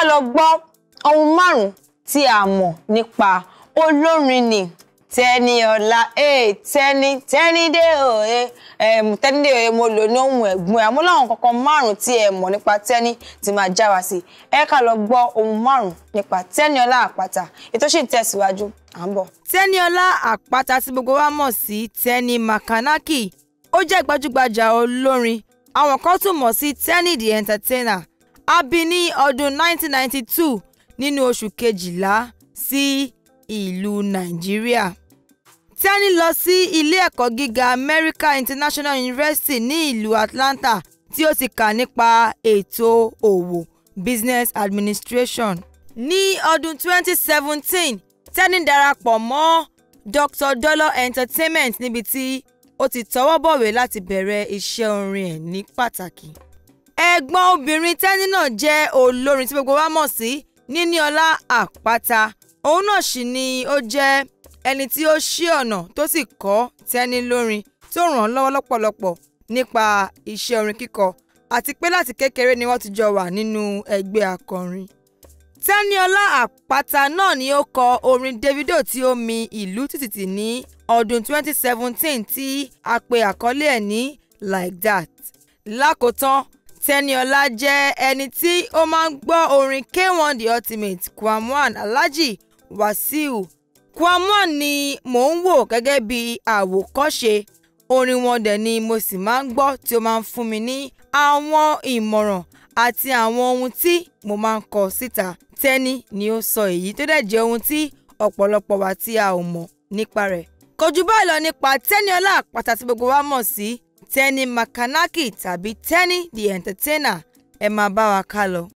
wá lọ gbọ́ ohun márùn-ún tí a mọ̀ nípa olórin ni Tẹ́níọlá ee eh, tẹ́ni tẹ́nidé òye tẹ́nidé òye mo lò ní ohun ẹ̀gbọ́n àmọ́ láwọn kankan márùn-ún tí ẹ mọ̀ nípa tẹ́ni ti máa já wa sí ẹ ká lọ gbọ́ ohun márùn-ún nípa Tẹ́níọlá Àpáta ètò sì ń tẹ̀síwájú à ń bọ̀. Tẹ́níọlá Àpáta tí gbogbo wa mọ̀ sí Tẹ́ni Makanaki ó jẹ́ gbajúgbajà olórin àwọn kan tún mọ̀ sí Tẹ́ni the entertainer a bí ní ọdún 1992 nínú oṣù kejìlá sí ìlú nàìjíríà. tẹ́ni lọ sí ilé ẹ̀kọ́ gíga America International University ní ìlú Atlanta tí ó ti kà nípa ètò òwò business administration. ní ọdún 2017 tẹ́ni darapọ̀ mọ́ Dr. Dollar Entertainment níbi tí ó ti tọwọ́ bọ̀wé láti bẹ̀rẹ̀ iṣẹ́ orin ẹ̀ ní pàtàkì ẹ̀gbọ́n obìnrin Tẹ́ni náà jẹ́ olórin tí gbogbo wa mọ̀ sí Níníọlá Àpáta òun náà sì ni ó jẹ́ ẹni tí ó ṣí ọ̀nà tó sì kọ́ Tẹ́ni lórin tí ó ràn án lọ́wọ́ lọ́pọ̀lọpọ̀ nípa iṣẹ́ orin kíkọ àti pé láti kékeré ni wọ́n ti jọ wà nínú ẹgbẹ́ akọrin. Tẹ́níọlá Àpáta náà ni ó kọ orin Davido tí ó mi ìlú títìtì ní ọdún 2017 tí a pè àkọlé ẹ̀ ní like that. lákòótán Tẹ́niọlá jẹ́ ẹni tí ó máa ń gbọ́ orin K1 The Ultimate Kwamwan Alhaji Wasiu Kwamwan ni mò ń wò gẹ́gẹ́ bí àwòkọ́ṣe orin wọn dẹ̀ ni mo sì máa ń gbọ́ tí ó máa ń fún mi ní àwọn ìmọ̀ràn àti àwọn ohun tí mo máa ń kọ síta Tẹ́ni ni ó sọ èyí tó dẹ̀ jẹ́ ohun tí ọ̀pọ̀lọpọ̀ wa tí a ò mọ̀ nípa rẹ̀ kò báyìí lọ nípa Tẹ́niọlá àpáta gbogbo wa mọ̀ sí Tẹ́ni Makanaki tàbí Tẹ́ni the Entertainer ẹ máa bá wa ká lọ.